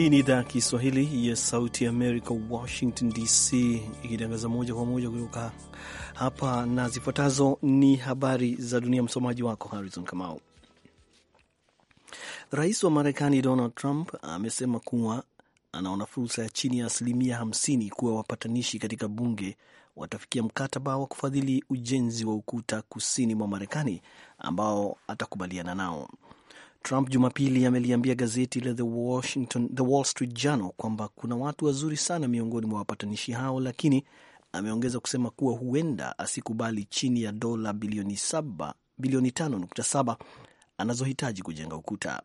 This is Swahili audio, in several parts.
Hii ni idhaa ya Kiswahili ya Sauti Amerika, Washington DC, ikitangaza moja kwa moja kutoka hapa, na zifuatazo ni habari za dunia. Msomaji wako Harrison Kamau. Rais wa Marekani Donald Trump amesema kuwa anaona fursa ya chini ya asilimia 50 kuwa wapatanishi katika bunge watafikia mkataba wa kufadhili ujenzi wa ukuta kusini mwa Marekani ambao atakubaliana nao. Trump Jumapili ameliambia gazeti la The Washington, The Wall Street Journal kwamba kuna watu wazuri sana miongoni mwa wapatanishi hao, lakini ameongeza kusema kuwa huenda asikubali chini ya dola bilioni bilioni 5.7 anazohitaji kujenga ukuta.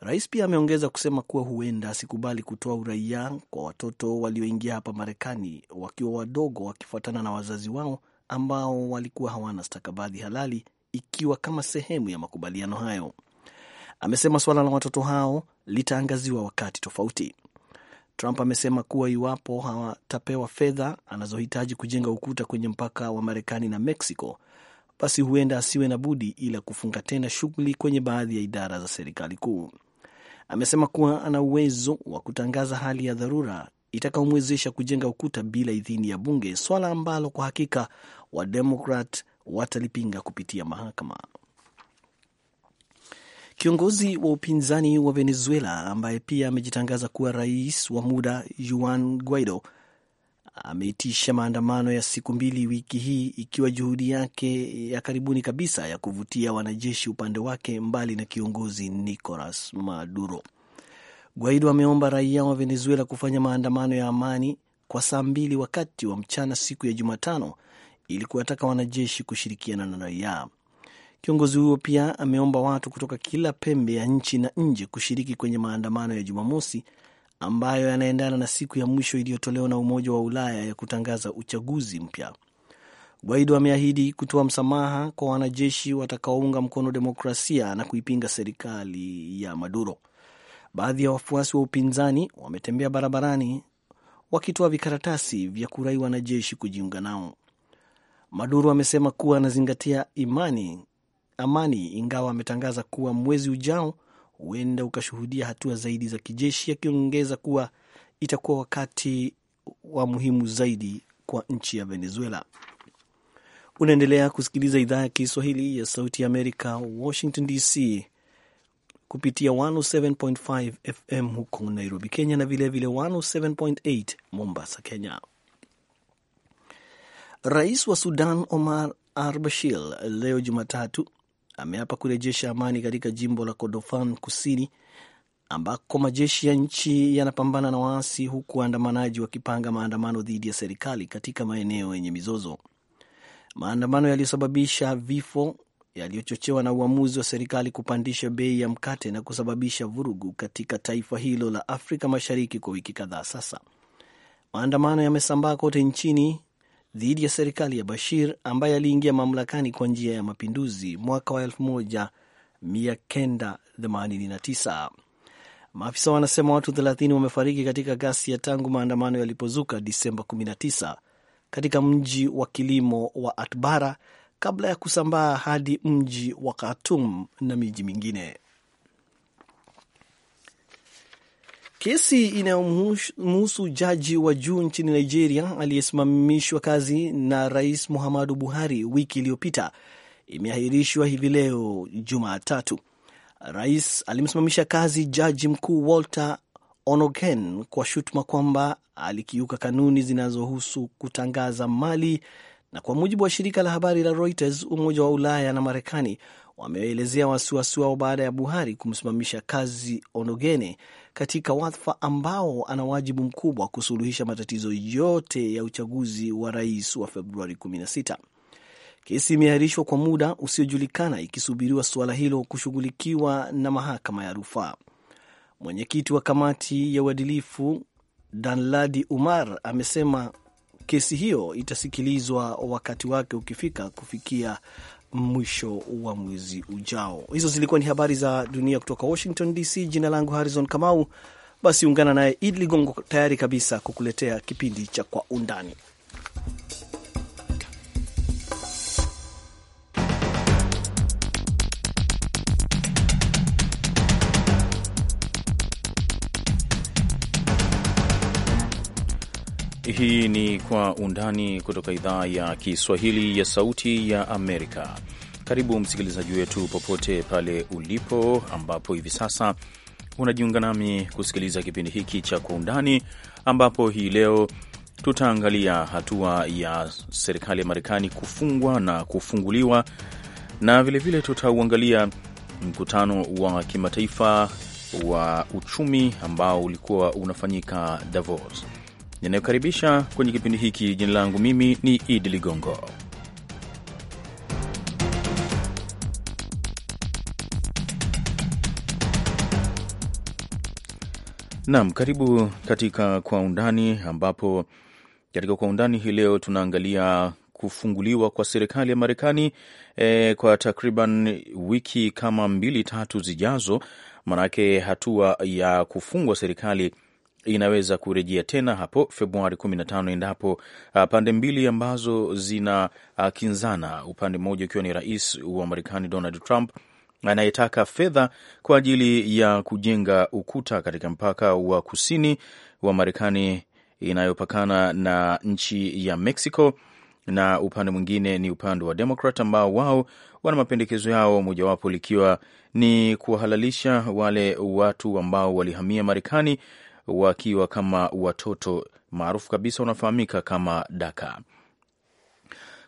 Rais pia ameongeza kusema kuwa huenda asikubali kutoa uraia kwa watoto walioingia hapa Marekani wakiwa wadogo, wakifuatana na wazazi wao ambao walikuwa hawana stakabadhi halali, ikiwa kama sehemu ya makubaliano hayo. Amesema suala la watoto hao litaangaziwa wakati tofauti. Trump amesema kuwa iwapo hawatapewa fedha anazohitaji kujenga ukuta kwenye mpaka wa Marekani na Mexico, basi huenda asiwe na budi ila kufunga tena shughuli kwenye baadhi ya idara za serikali kuu. Amesema kuwa ana uwezo wa kutangaza hali ya dharura itakaomwezesha kujenga ukuta bila idhini ya bunge, swala ambalo kwa hakika Wademokrat watalipinga kupitia mahakama. Kiongozi wa upinzani wa Venezuela ambaye pia amejitangaza kuwa rais wa muda Juan Guaido ameitisha maandamano ya siku mbili wiki hii ikiwa juhudi yake ya karibuni kabisa ya kuvutia wanajeshi upande wake mbali na kiongozi Nicolas Maduro. Guaido ameomba raia wa Venezuela kufanya maandamano ya amani kwa saa mbili wakati wa mchana siku ya Jumatano ili kuwataka wanajeshi kushirikiana na raia. Kiongozi huyo pia ameomba watu kutoka kila pembe ya nchi na nje kushiriki kwenye maandamano ya Jumamosi ambayo yanaendana na siku ya mwisho iliyotolewa na Umoja wa Ulaya ya kutangaza uchaguzi mpya. Guaido ameahidi kutoa msamaha kwa wanajeshi watakaounga mkono demokrasia na kuipinga serikali ya Maduro. Baadhi ya wafuasi wa upinzani wametembea barabarani wakitoa vikaratasi vya kurai wanajeshi kujiunga nao. Maduro amesema kuwa anazingatia imani amani, ingawa ametangaza kuwa mwezi ujao huenda ukashuhudia hatua zaidi za kijeshi, akiongeza kuwa itakuwa wakati wa muhimu zaidi kwa nchi ya Venezuela. Unaendelea kusikiliza idhaa ya Kiswahili ya Sauti ya Amerika, Washington DC, kupitia 107.5 FM huko Nairobi, Kenya, na vilevile 107.8 Mombasa, Kenya. Rais wa Sudan Omar al Bashir leo Jumatatu ameapa kurejesha amani katika jimbo la Kordofan Kusini ambako majeshi ya nchi yanapambana na waasi huku waandamanaji wakipanga maandamano dhidi ya serikali katika maeneo yenye mizozo. Maandamano yaliyosababisha vifo yaliyochochewa na uamuzi wa serikali kupandisha bei ya mkate na kusababisha vurugu katika taifa hilo la Afrika Mashariki kwa wiki kadhaa sasa. Maandamano yamesambaa kote nchini dhidi ya serikali ya Bashir ambaye aliingia mamlakani kwa njia ya mapinduzi mwaka wa 1989. Maafisa wanasema watu 30 wamefariki katika ghasia tangu maandamano yalipozuka Disemba 19 katika mji wa kilimo wa Atbara kabla ya kusambaa hadi mji wa Khartoum na miji mingine. Kesi inayomhusu jaji wa juu nchini Nigeria aliyesimamishwa kazi na Rais Muhammadu Buhari wiki iliyopita imeahirishwa hivi leo Jumatatu. Rais alimsimamisha kazi jaji mkuu Walter Onogen kwa shutuma kwamba alikiuka kanuni zinazohusu kutangaza mali, na kwa mujibu wa shirika la habari la Reuters, Umoja wa Ulaya na Marekani wameelezea wasiwasi wao baada ya Buhari kumsimamisha kazi Onogene katika wadhifa ambao ana wajibu mkubwa kusuluhisha matatizo yote ya uchaguzi wa rais wa Februari 16. Kesi imeahirishwa kwa muda usiojulikana ikisubiriwa suala hilo kushughulikiwa na mahakama ya rufaa. Mwenyekiti wa kamati ya uadilifu Danladi Umar amesema kesi hiyo itasikilizwa wakati wake ukifika kufikia mwisho wa mwezi ujao. Hizo zilikuwa ni habari za dunia kutoka Washington DC. Jina langu Harrison Kamau. Basi ungana naye Id Ligongo tayari kabisa kukuletea kipindi cha Kwa Undani. Hii ni Kwa Undani kutoka idhaa ya Kiswahili ya Sauti ya Amerika. Karibu msikilizaji wetu popote pale ulipo, ambapo hivi sasa unajiunga nami kusikiliza kipindi hiki cha Kwa Undani, ambapo hii leo tutaangalia hatua ya serikali ya Marekani kufungwa na kufunguliwa, na vilevile tutauangalia mkutano wa kimataifa wa uchumi ambao ulikuwa unafanyika Davos ninayokaribisha kwenye kipindi hiki. Jina langu mimi ni Idi Ligongo nam, karibu katika Kwa Undani, ambapo katika Kwa Undani hii leo tunaangalia kufunguliwa kwa serikali ya Marekani e, kwa takriban wiki kama mbili tatu zijazo, manake hatua ya kufungwa serikali inaweza kurejea tena hapo Februari 15 endapo uh, pande mbili ambazo zina uh, kinzana, upande mmoja ukiwa ni rais wa Marekani Donald Trump anayetaka fedha kwa ajili ya kujenga ukuta katika mpaka wa kusini wa Marekani inayopakana na nchi ya Mexico, na upande mwingine ni upande wa Demokrat ambao wao wana mapendekezo yao, mojawapo likiwa ni kuwahalalisha wale watu ambao walihamia Marekani wakiwa kama watoto maarufu kabisa wanafahamika kama daka.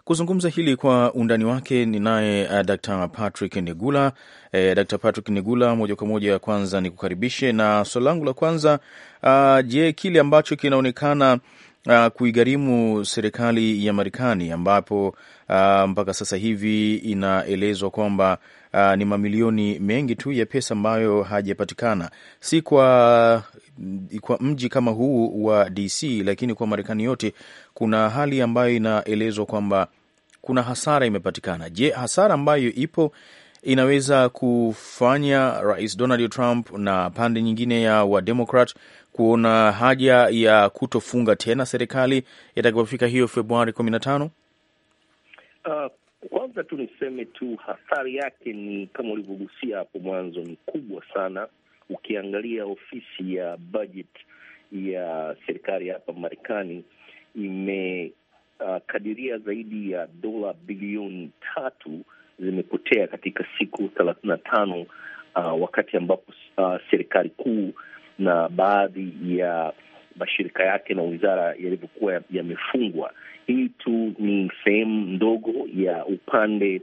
Kuzungumza hili kwa undani wake ni naye d eh, Dr. Patrick Nigula. E, eh, Dr. Patrick Nigula, moja kwa moja kwanza ni kukaribishe na swali langu la kwanza ah, je, kile ambacho kinaonekana Uh, ah, kuigharimu serikali ya Marekani ambapo a, ah, mpaka sasa hivi inaelezwa kwamba ni mamilioni mengi tu ya pesa ambayo hajapatikana, si kwa kwa mji kama huu wa DC, lakini kwa Marekani yote, kuna hali ambayo inaelezwa kwamba kuna hasara imepatikana. Je, hasara ambayo ipo inaweza kufanya Rais Donald Trump na pande nyingine ya Wademokrat kuona haja ya kutofunga tena serikali itakapofika hiyo Februari kumi na tano? Uh, kwanza tu niseme tu hasari yake ni kama ulivyogusia hapo mwanzo, ni kubwa sana ukiangalia ofisi ya budget ya serikali hapa Marekani imekadiria uh, zaidi ya dola bilioni tatu zimepotea katika siku thelathini na tano uh, wakati ambapo uh, serikali kuu na baadhi ya mashirika yake na wizara yalivyokuwa yamefungwa. Hii tu ni sehemu ndogo ya upande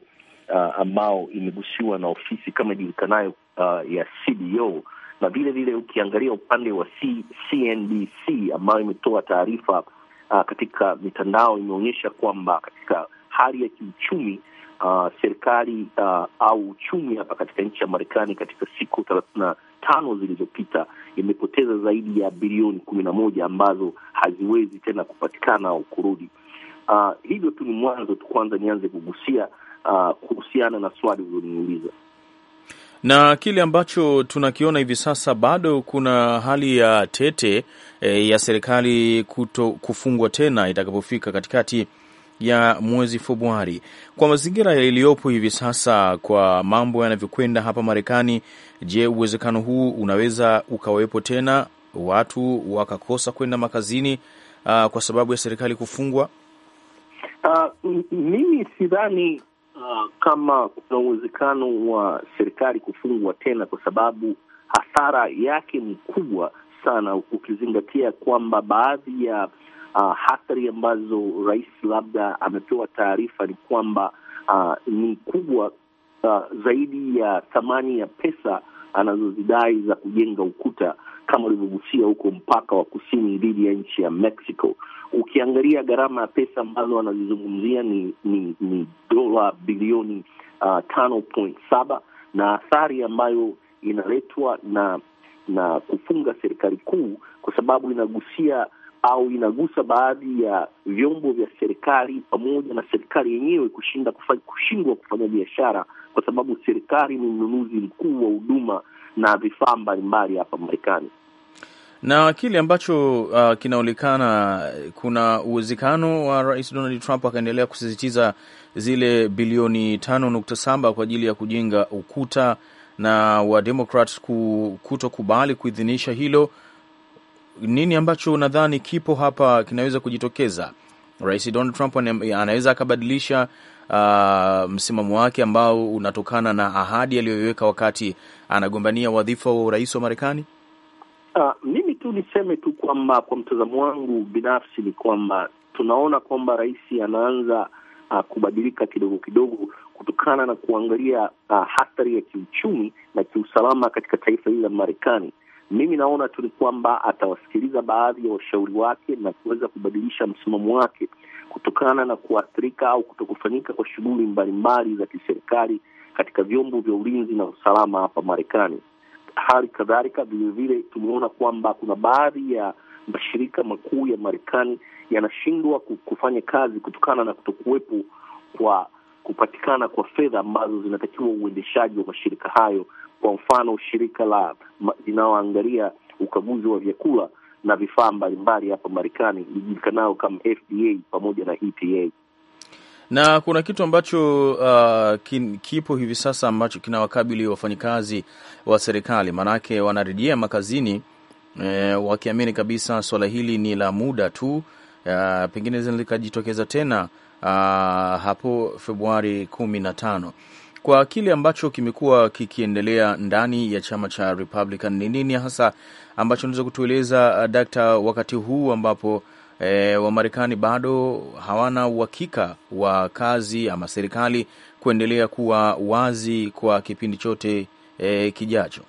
uh, ambao imegusiwa na ofisi kama ijulikanayo uh, ya CBO na vile vile ukiangalia upande wa C, CNBC ambayo imetoa taarifa uh, katika mitandao imeonyesha kwamba katika hali ya kiuchumi uh, serikali uh, au uchumi hapa katika nchi ya Marekani katika siku thelathini na tano zilizopita imepoteza zaidi ya bilioni kumi na moja ambazo haziwezi tena kupatikana au kurudi. Uh, hivyo tu ni mwanzo tu. Kwanza nianze kugusia uh, kuhusiana na swali ulioniuliza na kile ambacho tunakiona hivi sasa, bado kuna hali ya tete e, ya serikali kuto, kufungwa tena itakapofika katikati ya mwezi Februari. Kwa mazingira yaliyopo hivi sasa, kwa mambo yanavyokwenda hapa Marekani, je, uwezekano huu unaweza ukawepo tena, watu wakakosa kwenda makazini uh, kwa sababu ya serikali kufungwa? Uh, mimi sidhani uh, kama kuna uwezekano wa serikali kufungwa tena, kwa sababu hasara yake ni kubwa sana, ukizingatia kwamba baadhi ya uh, hatari ambazo rais labda amepewa taarifa ni kwamba uh, ni kubwa uh, zaidi ya thamani ya pesa anazozidai za kujenga ukuta kama ulivyogusia huko mpaka wa kusini dhidi ya nchi ya Mexico ukiangalia gharama ya pesa ambazo wanazizungumzia ni, ni, ni dola bilioni uh, tano point saba na athari ambayo inaletwa na na kufunga serikali kuu kwa sababu inagusia au inagusa baadhi ya vyombo vya serikali pamoja na serikali yenyewe kushinda kushindwa kufanya biashara kwa sababu serikali ni mnunuzi mkuu wa huduma na vifaa mbalimbali hapa Marekani na kile ambacho uh, kinaonekana kuna uwezekano wa Rais Donald Trump akaendelea kusisitiza zile bilioni saba kwa ajili ya kujenga ukuta na Wademokrat kutokubali kuidhinisha hilo. Nini ambacho nadhani kipo hapa kinaweza kujitokeza? Rais Donald Trump anaweza akabadilisha uh, msimamo wake ambao unatokana na ahadi aliyoiweka wakati anagombania wadhifa wa urais wa Marekani. Uh, mimi tu niseme tu kwamba kwa mtazamo wangu binafsi ni kwamba tunaona kwamba rais anaanza uh, kubadilika kidogo kidogo kutokana na kuangalia uh, hatari ya kiuchumi na kiusalama katika taifa hili la Marekani. Mimi naona tu ni kwamba atawasikiliza baadhi ya washauri wake na kuweza kubadilisha msimamo wake kutokana na kuathirika au kutokufanyika kwa shughuli mbalimbali za kiserikali katika vyombo vya ulinzi na usalama hapa Marekani. Hali kadhalika vilevile tumeona kwamba kuna baadhi ya mashirika makuu ya Marekani yanashindwa kufanya kazi kutokana na kutokuwepo kwa kupatikana kwa fedha ambazo zinatakiwa uendeshaji wa mashirika hayo. Kwa mfano, shirika la linaloangalia ukaguzi wa vyakula na vifaa mbalimbali hapa Marekani lijulikanao kama FDA pamoja na EPA. Na kuna kitu ambacho uh, kin, kipo hivi sasa ambacho kinawakabili wafanyikazi wa serikali, maanake wanarejea makazini eh, wakiamini kabisa swala hili ni la muda tu, uh, pengine likajitokeza tena uh, hapo Februari kumi na tano. Kwa kile ambacho kimekuwa kikiendelea ndani ya chama cha Republican, ni nini hasa ambacho unaweza kutueleza uh, dakta, wakati huu ambapo e, Wamarekani bado hawana uhakika wa kazi ama serikali kuendelea kuwa wazi kwa kipindi chote e, kijacho?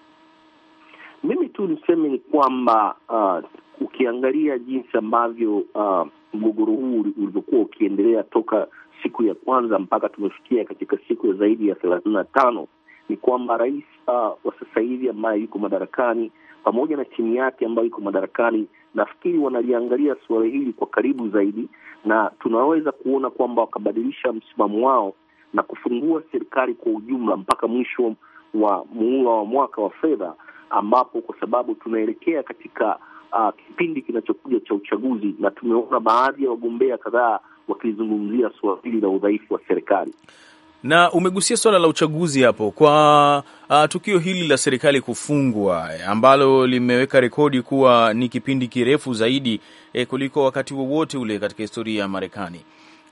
Mimi tu niseme ni kwamba uh, ukiangalia jinsi ambavyo uh, mgogoro huu ulivyokuwa ukiendelea toka siku ya kwanza mpaka tumefikia katika siku ya zaidi ya thelathini na tano ni kwamba rais uh, wa sasa hivi ambaye yuko madarakani pamoja na timu yake ambayo iko madarakani, nafikiri wanaliangalia suala hili kwa karibu zaidi, na tunaweza kuona kwamba wakabadilisha msimamo wao na kufungua serikali kwa ujumla mpaka mwisho wa muhula wa mwaka wa fedha, ambapo kwa sababu tunaelekea katika uh, kipindi kinachokuja cha uchaguzi, na tumeona baadhi ya wagombea kadhaa wakilizungumzia suala hili la udhaifu wa serikali na umegusia swala la uchaguzi hapo kwa uh, tukio hili la serikali kufungwa eh, ambalo limeweka rekodi kuwa ni kipindi kirefu zaidi eh, kuliko wakati wowote ule katika historia ya Marekani.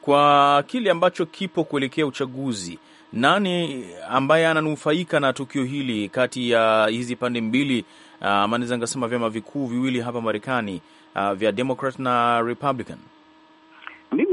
Kwa kile ambacho kipo kuelekea uchaguzi, nani eh, ambaye ananufaika na tukio hili kati ya uh, hizi pande mbili uh, ah, manaweza nikasema vyama vikuu viwili hapa Marekani, uh, vya Democrat na Republican?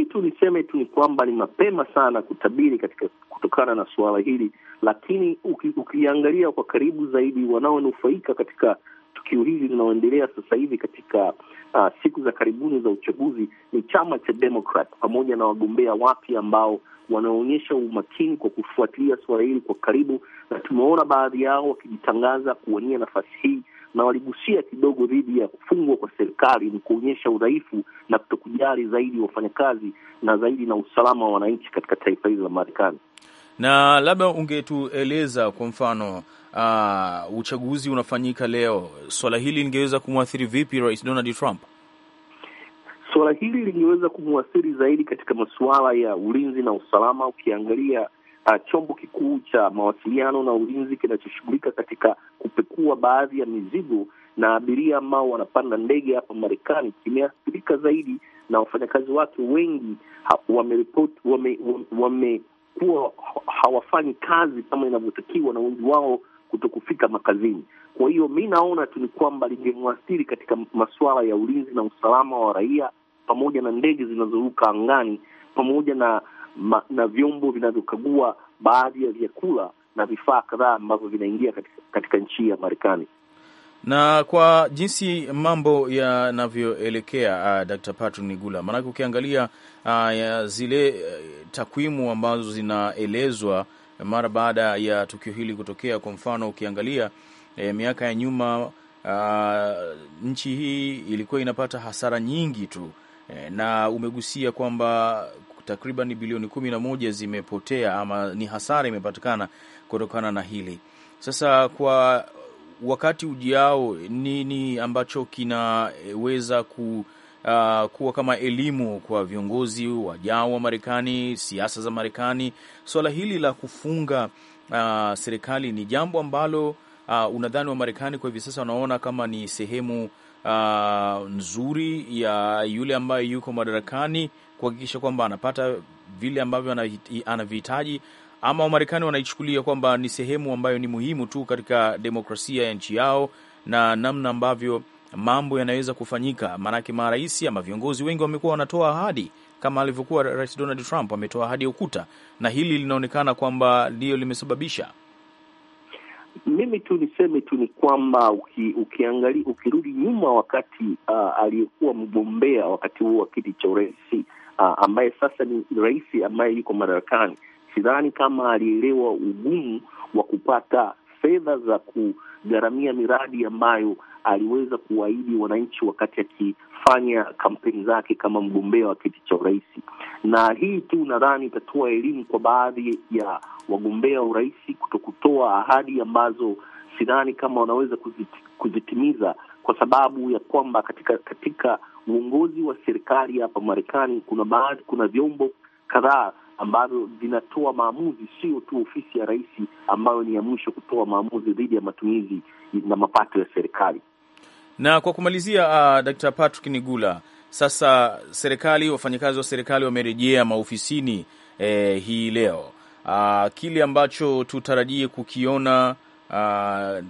tu niseme tu ni kwamba ni mapema sana kutabiri katika kutokana na suala hili, lakini uki, ukiangalia kwa karibu zaidi wanaonufaika katika tukio hili linaloendelea sasa hivi katika uh, siku za karibuni za uchaguzi ni chama cha Democrat pamoja na wagombea wapya ambao wanaonyesha umakini kwa kufuatilia suala hili kwa karibu, na tumeona baadhi yao wakijitangaza kuwania nafasi hii na waligusia kidogo dhidi ya kufungwa kwa serikali, ni kuonyesha udhaifu na kutokujali zaidi wafanyakazi na zaidi na usalama wa wananchi katika taifa hili la Marekani. Na labda ungetueleza kwa mfano uh, uchaguzi unafanyika leo, swala hili lingeweza kumwathiri vipi Rais Donald Trump? Suala hili lingeweza kumwathiri zaidi katika masuala ya ulinzi na usalama. Ukiangalia uh, chombo kikuu cha mawasiliano na ulinzi kinachoshughulika katika kupekua baadhi ya mizigo na abiria ambao wanapanda ndege hapa Marekani kimeathirika zaidi, na wafanyakazi wake wengi wameripoti wame, kuwa hawafanyi kazi kama inavyotakiwa na wengi wao kuto kufika makazini. Kwa hiyo mi naona tu ni kwamba lingemwathiri katika masuala ya ulinzi na usalama wa raia pamoja na ndege zinazoruka angani pamoja na ma, na vyombo vinavyokagua baadhi ya vyakula na vifaa kadhaa ambavyo vinaingia katika, katika nchi ya Marekani na kwa jinsi mambo yanavyoelekea, uh, Dr. Patrick Nigula, maanake ukiangalia uh, zile uh, takwimu ambazo zinaelezwa mara baada ya tukio hili kutokea, kwa mfano ukiangalia eh, miaka ya nyuma uh, nchi hii ilikuwa inapata hasara nyingi tu eh, na umegusia kwamba takriban bilioni kumi na moja zimepotea ama ni hasara imepatikana kutokana na hili. Sasa kwa wakati ujao, nini ambacho kinaweza ku Uh, kuwa kama elimu kwa viongozi wajao wa Marekani, siasa za Marekani, suala hili la kufunga uh, serikali ni jambo ambalo uh, unadhani wa Marekani kwa hivi sasa wanaona kama ni sehemu uh, nzuri ya yule ambaye yuko madarakani kuhakikisha kwamba anapata vile ambavyo anavihitaji, ama Wamarekani wanaichukulia kwamba ni sehemu ambayo ni muhimu tu katika demokrasia ya nchi yao na namna ambavyo mambo yanaweza kufanyika. Maanake marais ama viongozi wengi wamekuwa wanatoa ahadi kama alivyokuwa Rais Donald Trump ametoa ahadi ya ukuta, na hili linaonekana kwamba ndiyo limesababisha. Mimi tu niseme tu ni kwamba uki, ukiangalia ukirudi nyuma, wakati uh, aliyekuwa mgombea wakati huo wa kiti cha urais uh, ambaye sasa ni rais ambaye yuko madarakani, sidhani kama alielewa ugumu wa kupata fedha za kugharamia miradi ambayo aliweza kuwaidi wananchi wakati akifanya kampeni zake kama mgombea wa kiti cha urais. Na hii tu nadhani itatoa elimu kwa baadhi ya wagombea wa urais kuto kutoa ahadi ambazo sidhani kama wanaweza kuzitimiza kwa sababu ya kwamba katika katika uongozi wa serikali hapa Marekani kuna baadhi, kuna vyombo kadhaa ambavyo vinatoa maamuzi, sio tu ofisi ya rais ambayo ni ya mwisho kutoa maamuzi dhidi ya matumizi na mapato ya serikali. Na kwa kumalizia, uh, Dr. Patrick Nigula, sasa serikali, wafanyakazi wa serikali wamerejea maofisini eh, hii leo. Uh, kile ambacho tutarajie kukiona uh,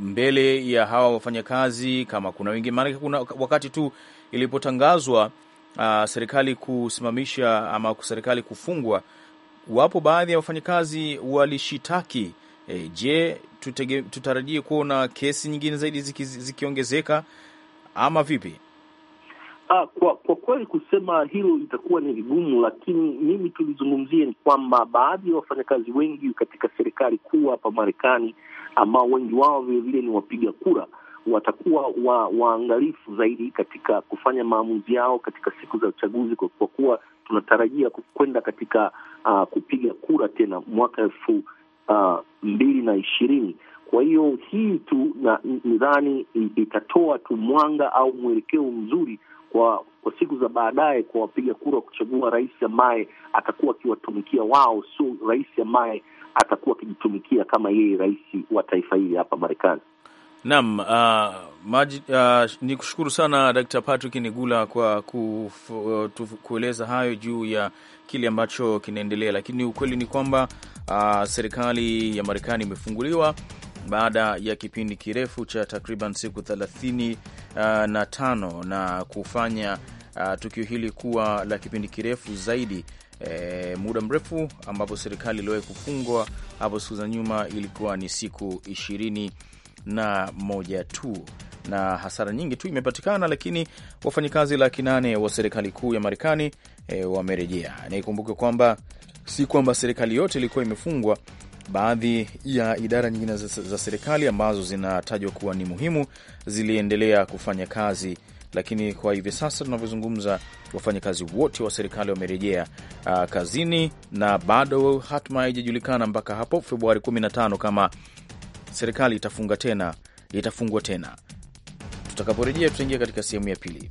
mbele ya hawa wafanyakazi kama kuna wengi, maanake kuna wakati tu ilipotangazwa uh, serikali kusimamisha ama serikali kufungwa, wapo baadhi ya wafanyakazi walishitaki. E, je, tutege, tutarajie kuona kesi nyingine zaidi ziki, zikiongezeka ama vipi? Ha, ah, kwa kwa kweli kusema hilo itakuwa ni vigumu, lakini mimi tulizungumzia ni kwamba baadhi ya wafanyakazi wengi katika serikali kuu hapa Marekani ambao wengi wao vilevile ni wapiga kura, watakuwa wa, waangalifu zaidi katika kufanya maamuzi yao katika siku za uchaguzi, kwa kuwa tunatarajia kwenda katika uh, kupiga kura tena mwaka elfu uh, mbili na ishirini. Kwa hiyo hii tu nadhani itatoa tu mwanga au mwelekeo mzuri kwa kwa siku za baadaye kwa wapiga kura kuchagua rais ambaye atakuwa akiwatumikia wao, sio rais ambaye atakuwa akijitumikia kama yeye rais wa taifa hili hapa Marekani. Naam, uh, maji, uh, ni kushukuru sana Dr. Patrick Nigula kwa uh, kueleza hayo juu ya kile ambacho kinaendelea, lakini ukweli ni kwamba uh, serikali ya Marekani imefunguliwa baada ya kipindi kirefu cha takriban siku thelathini uh, na tano na kufanya uh, tukio hili kuwa la kipindi kirefu zaidi e, muda mrefu ambapo serikali iliwahi kufungwa hapo siku za nyuma ilikuwa ni siku ishirini na moja tu na hasara nyingi tu imepatikana, lakini wafanyakazi laki nane wa serikali kuu ya Marekani e, wamerejea. ikumbuke kwamba si kwamba serikali yote ilikuwa imefungwa. Baadhi ya idara nyingine za, za serikali ambazo zinatajwa kuwa ni muhimu ziliendelea kufanya kazi lakini kwa hivi sasa tunavyozungumza, wafanyakazi wote wa serikali wamerejea uh, kazini na bado hatma haijajulikana mpaka hapo Februari 15 kama serikali itafunga tena, itafungwa tena. Tutakaporejea tutaingia katika sehemu ya pili.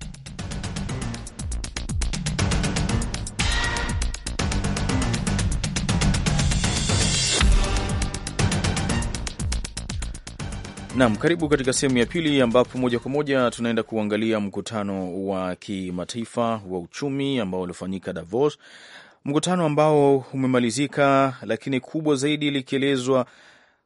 Nam, karibu katika sehemu ya pili ambapo moja kwa moja tunaenda kuangalia mkutano wa kimataifa wa uchumi ambao ulifanyika Davos, mkutano ambao umemalizika, lakini kubwa zaidi likielezwa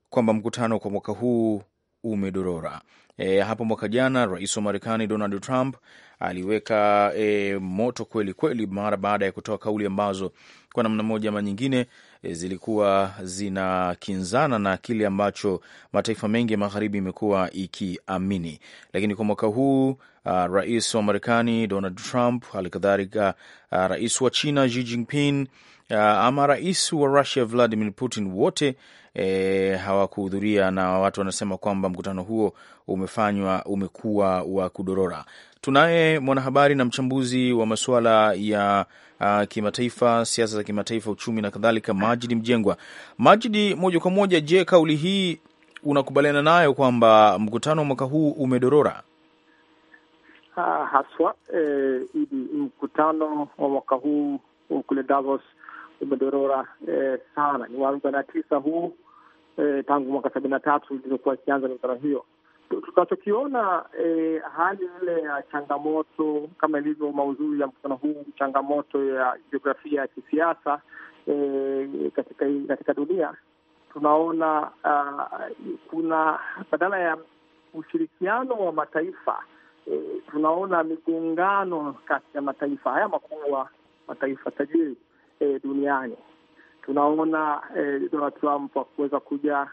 kwamba mkutano kwa mwaka huu umedorora. E, hapo mwaka jana rais wa Marekani Donald Trump aliweka e, moto kweli kweli mara baada ya kutoa kauli ambazo kwa namna moja ama nyingine E, zilikuwa zinakinzana na kile ambacho mataifa mengi ya magharibi imekuwa ikiamini, lakini kwa mwaka huu uh, rais wa Marekani Donald Trump, kadhalika uh, rais wa China Xi Jinping uh, ama rais wa Russia Vladimir Putin, wote e, hawakuhudhuria na watu wanasema kwamba mkutano huo umefanywa umekuwa wa kudorora. Tunaye mwanahabari na mchambuzi wa masuala ya uh, kimataifa, siasa za kimataifa, uchumi na kadhalika, Majidi Mjengwa. Majidi, moja kwa moja, je, kauli hii unakubaliana nayo kwamba mkutano wa mwaka huu umedorora? Ha, haswa e, mkutano wa mwaka huu kule Davos umedorora e, sana. Ni wa arobaini na tisa huu eh, tangu mwaka sabini na tatu ilizokuwa ikianza mikutano hiyo. Tunachokiona eh, hali ile ya changamoto kama ilivyo mauzuri ya mkutano huu, changamoto ya jiografia ya kisiasa eh, katika, katika dunia tunaona uh, kuna badala ya ushirikiano wa mataifa eh, tunaona migongano kati ya mataifa haya makubwa, mataifa tajiri eh, duniani tunaona eh, Donald Trump wakuweza kuja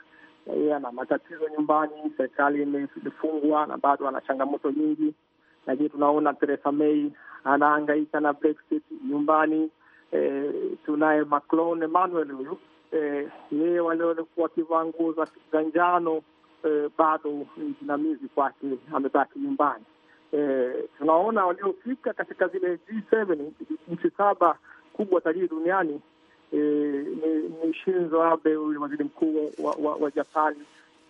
yeye eh, ana matatizo nyumbani, serikali imefungwa na bado ana changamoto nyingi. Lakini tunaona Theresa May anaangaika na Brexit nyumbani. Eh, tunaye Macron Emmanuel huyu eh, yeye wale walikuwa wakivaa nguo za njano eh, bado jinamizi kwake, amebaki nyumbani. Eh, tunaona waliofika katika zile G7 nchi saba kubwa tajiri duniani E, ni Shinzo Abe, huyu waziri mkuu wa, wa, wa Japani,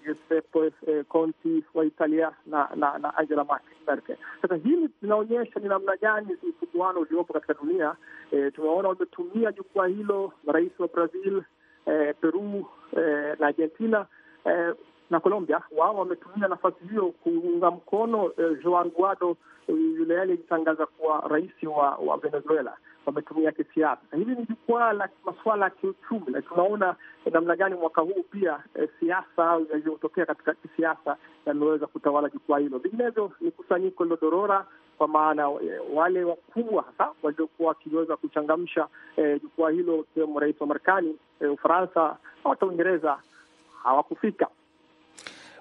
Giuseppe eh, wa Italia na, na, na Angela Merkel. Sasa hili linaonyesha ni namna gani msuguano uliopo katika dunia. Eh, tumeona wametumia jukwaa hilo marais wa Brazil, eh, Peru, eh, na Argentina eh, na Colombia. Wao wametumia nafasi hiyo kuunga mkono eh, Joao Guaido, e, yule aliyejitangaza kuwa rais wa, wa Venezuela wametumia kisiasa. Hili ni jukwaa la masuala ya kiuchumi, na tunaona namna gani mwaka huu pia e, siasa au yaliyotokea katika kisiasa yameweza kutawala jukwaa hilo. Vinginevyo ni kusanyiko lilodorora kwa maana eh, wale wakubwa hasa waliokuwa wakiweza kuchangamsha eh, jukwaa eh, hilo, ikiwemo rais wa Marekani eh, Ufaransa na hata Uingereza hawakufika.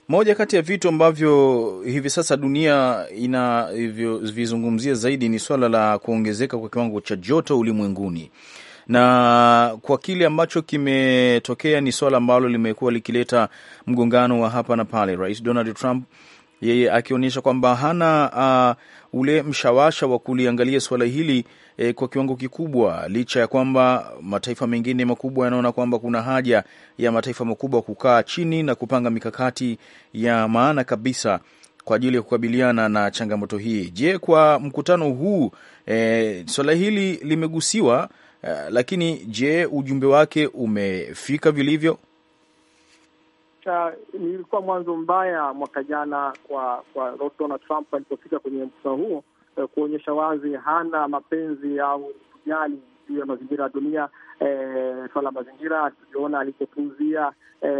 Moja kati ya vitu ambavyo hivi sasa dunia inavyovizungumzia zaidi ni swala la kuongezeka kwa kiwango cha joto ulimwenguni, na kwa kile ambacho kimetokea ni swala ambalo limekuwa likileta mgongano wa hapa na pale. Rais Donald Trump yeye akionyesha kwamba hana uh, ule mshawasha wa kuliangalia suala hili e, kwa kiwango kikubwa, licha ya kwamba mataifa mengine makubwa yanaona kwamba kuna haja ya mataifa makubwa kukaa chini na kupanga mikakati ya maana kabisa kwa ajili ya kukabiliana na changamoto hii. Je, kwa mkutano huu e, swala hili limegusiwa, eh, lakini je, ujumbe wake umefika vilivyo? Nilikuwa mwanzo mbaya mwaka jana kwa kwa Donald Trump alipofika kwenye mkutano huo eh, kuonyesha wazi hana mapenzi au kujali juu ya mazingira ya dunia. Eh, swala mazingira tuliona alipopuuzia eh,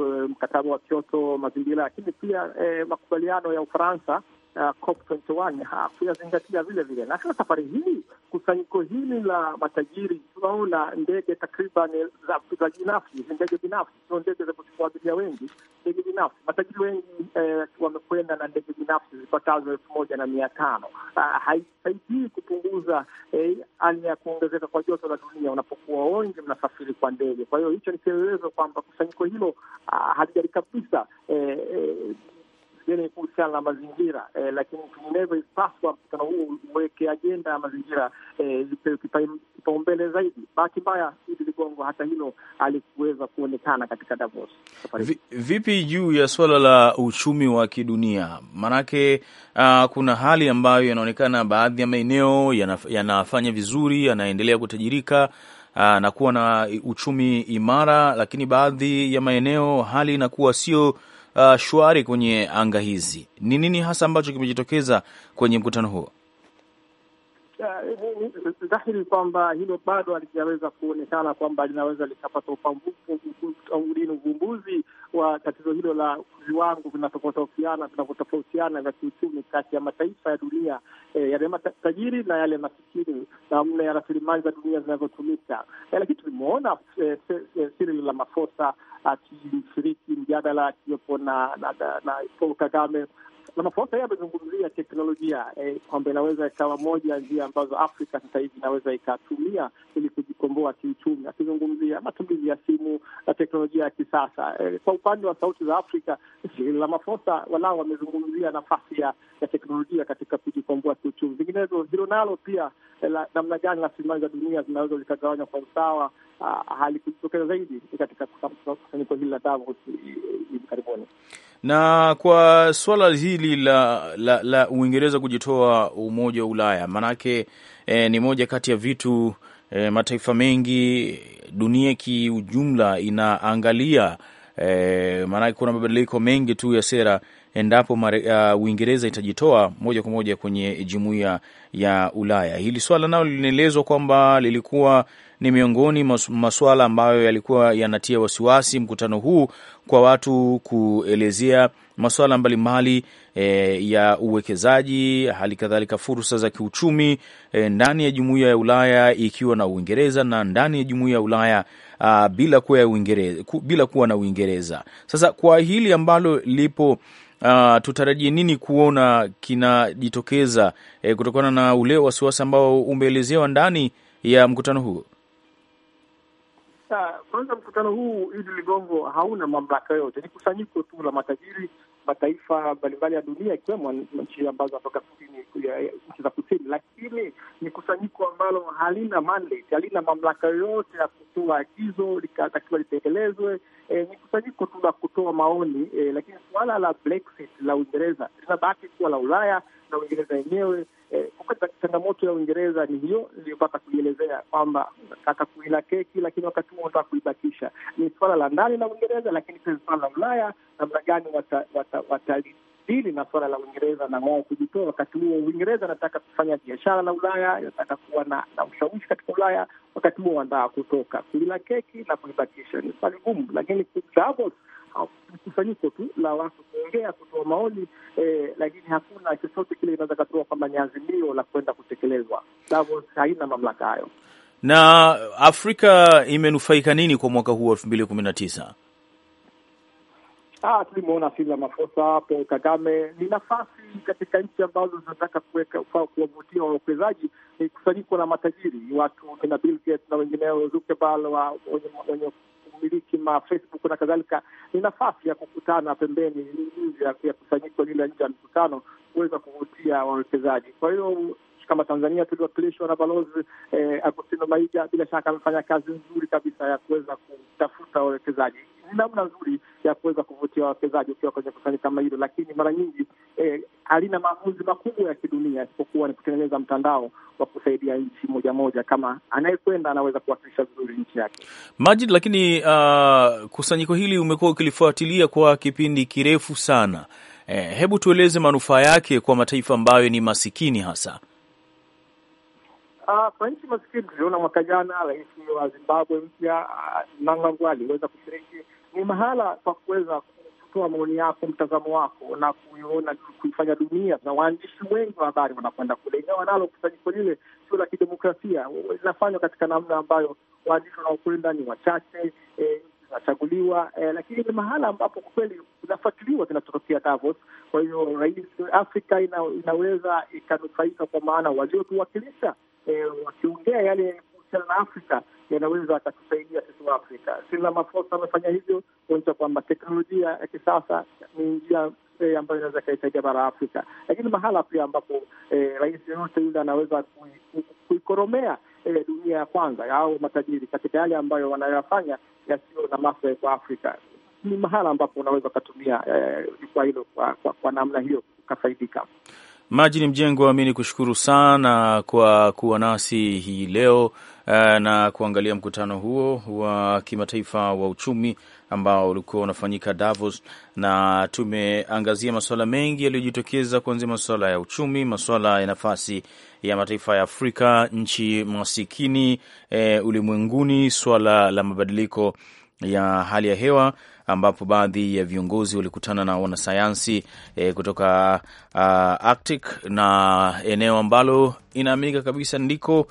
eh, mkataba wa Kyoto mazingira, lakini pia eh, makubaliano ya Ufaransa uh, COP 21 hakuyazingatia vile vile, Lakini safari hii kusanyiko hili la matajiri tunaona ndege takriban eh, za binafsi, hizi ndege binafsi, sio ndege za kuchukua wengi, ndege binafsi. Matajiri wengi eh, wamekwenda na ndege binafsi zipatazo elfu moja na mia tano. Uh, ah, haisaidii kupunguza eh, hali ya kuongezeka kwa joto la dunia unapokuwa wengi mnasafiri kwa ndege. Kwa hiyo hicho ni kielelezo kwamba kusanyiko hilo uh, ah, halijali kabisa eh, eh, ni kuhusiana na mazingira eh, lakini kinginevyo ipaswa mkutano huu uweke ajenda ya mazingira eh, kipaumbele zaidi. Bahati mbaya Idi Ligongo, hata hilo alikuweza kuonekana katika Davos. Vi, vipi juu ya suala la uchumi wa kidunia? Maanake uh, ah, kuna hali ambayo yanaonekana baadhi ya maeneo yanafanya vizuri, yanaendelea kutajirika ah, na kuwa na uchumi imara, lakini baadhi ya maeneo hali inakuwa sio uh, shwari kwenye anga hizi. Ni nini hasa ambacho kimejitokeza kwenye mkutano huo? Uh, dhahiri kwamba hilo bado halijaweza kuonekana kwamba linaweza likapata upambuzi uvumbuzi wa tatizo hilo la viwango vinavyotofautiana vinavyotofautiana vya kiuchumi kati ya mataifa ya dunia e, yale matajiri na yale masikini na mna ya rasilimali za dunia zinazotumika. Eh, lakini tulimeona e, eh, Cyril Ramaphosa akishiriki mjadala akiwepo na Paul Kagame na Mafosa yeye amezungumzia teknolojia eh, kwamba inaweza ikawa moja ya njia ambazo Afrika sasa hivi inaweza ikatumia ili kujikomboa kiuchumi, akizungumzia matumizi ya simu na teknolojia ya kisasa eh, kwa upande wa sauti za Afrika la walao wamezungumzia nafasi ya, ya teknolojia katika kujikomboa kiuchumi. Vinginevyo hilo nalo pia eh, namna gani rasilimali za dunia zinaweza zikagawanywa kwa usawa ah, hali kujitokeza zaidi katika kusanyiko hili la Davos hivi karibuni, na kwa swala hili hili la, la, la Uingereza kujitoa Umoja wa Ulaya maanake eh, ni moja kati ya vitu eh, mataifa mengi dunia kiujumla inaangalia eh, maanake kuna mabadiliko mengi tu ya sera endapo Uingereza uh, itajitoa moja kwa moja kwenye jumuiya ya Ulaya. Hili swala nalo linaelezwa kwamba lilikuwa ni miongoni mwa masuala ambayo yalikuwa yanatia wasiwasi mkutano huu kwa watu kuelezea masuala mbalimbali e, ya uwekezaji, hali kadhalika fursa za kiuchumi e, ndani ya jumuiya ya Ulaya ikiwa na Uingereza na ndani ya jumuiya ya Ulaya a, bila kuwa ya Uingereza, ku, bila kuwa na Uingereza. Sasa kwa hili ambalo lipo Uh, tutarajie nini kuona kinajitokeza eh, kutokana na ule wasiwasi ambao umeelezewa ndani ya mkutano huo? Kwanza mkutano huu Idi Ligongo hauna mamlaka yoyote, ni kusanyiko tu la matajiri mataifa mbalimbali ya dunia ikiwemo nchi ambazo natoka kusini, nchi za kusini, lakini ni kusanyiko ambalo halina mandate, halina mamlaka yoyote ya kutoa agizo likatakiwa litekelezwe. E, ni kusanyiko tu la kutoa maoni e, lakini suala la Brexit la Uingereza linabaki kuwa la Ulaya na Uingereza yenyewe Eh, kwa changamoto ya Uingereza ni hiyo niliyopata kuielezea kwamba nataka kuila keki, lakini wakati huo unataka kuibakisha. Ni suala la ndani la Uingereza, lakini pia suala la Ulaya, namna gani watalidili na suala la Uingereza na wao kujitoa. Wakati huo Uingereza anataka kufanya biashara na Ulaya, nataka kuwa na, na ushawishi katika Ulaya, wakati huo wanataka kutoka. Kuila keki na kuibakisha ni swali gumu, lakini kusanyiko tu la watu kuongea, kutoa maoni eh, lakini hakuna chochote kile inaweza katoa kwamba ni azimio la kwenda kutekelezwa. Davos haina mamlaka hayo. Na Afrika imenufaika nini kwa mwaka huu elfu mbili kumi na tisa? Ah, tulimuona Cyril Ramaphosa, hapo Kagame. Ni nafasi katika nchi ambazo zinataka kuwavutia wawekezaji, ni kusanyiko la matajiri, watu kina Bill Gates na wengineo, Zuckerberg, wenye kumiliki ma Facebook na kadhalika, ni nafasi ya kukutana pembeni ya kusanyiko lile nje ya mikutano kuweza kuvutia wawekezaji. Kwa hiyo kama Tanzania tuliwakilishwa na balozi eh, Agostino Maija, bila shaka amefanya kazi nzuri kabisa ya kuweza kutafuta wawekezaji. Ni namna nzuri ya kuweza kuvutia wawekezaji ukiwa kwenye kusanyiko kama hilo, lakini mara nyingi halina maamuzi makubwa ya kidunia isipokuwa ni kutengeneza mtandao wa kusaidia nchi moja moja, kama anayekwenda anaweza kuwakilisha vizuri nchi yake. Majid, lakini uh, kusanyiko hili umekuwa ukilifuatilia kwa kipindi kirefu sana. Eh, hebu tueleze manufaa yake kwa mataifa ambayo ni masikini hasa Uh, kwa nchi masikini tuliona mwaka jana rais wa Zimbabwe mpya uh, Mnangagwa aliweza kushiriki. Ni mahala pa kuweza kutoa maoni yako, mtazamo wako na kuiona kuifanya dunia, na waandishi wengi wa habari wanakwenda kule, ingawa nalo kusanyiko lile sio la kidemokrasia, linafanywa katika namna ambayo waandishi wanaokwenda ni wachache e, zinachaguliwa e, lakini ni mahala ambapo kwa kweli inafuatiliwa kinachotokea Davos. Kwa hiyo rais Afrika ina, inaweza ikanufaika kwa maana waliotuwakilisha e, wakiongea yale kushirikiana na Afrika yanaweza akatusaidia sisi wa Afrika. Sila Mafosa amefanya hivyo kuonyesha kwamba teknolojia ya kisasa ni njia e, ambayo inaweza ikaisaidia bara ya Afrika, lakini mahala pia ambapo eh, rais yoyote yule anaweza kuikoromea e, dunia ya kwanza au matajiri katika yale ambayo wanayoyafanya yasiyo na maslahi kwa Afrika ni mahala ambapo unaweza ukatumia jukwaa eh, hilo kwa, kwa, kwa namna hiyo ukafaidika. Maji ni Mjengwa, mi ni kushukuru sana kwa kuwa nasi hii leo eh, na kuangalia mkutano huo wa kimataifa wa uchumi ambao ulikuwa unafanyika Davos, na tumeangazia masuala mengi yaliyojitokeza kuanzia masuala ya uchumi, masuala ya nafasi ya mataifa ya Afrika, nchi masikini e, ulimwenguni, swala la mabadiliko ya hali ya hewa ambapo baadhi ya viongozi walikutana na wanasayansi e, kutoka uh, Arctic na eneo ambalo inaaminika kabisa ndiko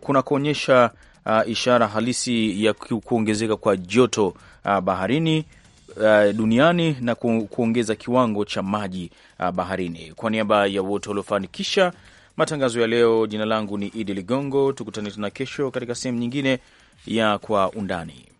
kunakuonyesha kuna uh, ishara halisi ya kuongezeka kwa joto uh, baharini Uh, duniani na ku, kuongeza kiwango cha maji uh, baharini. Kwa niaba ya wote waliofanikisha matangazo ya leo, jina langu ni Idi Ligongo. Tukutane tena kesho katika sehemu nyingine ya Kwa Undani.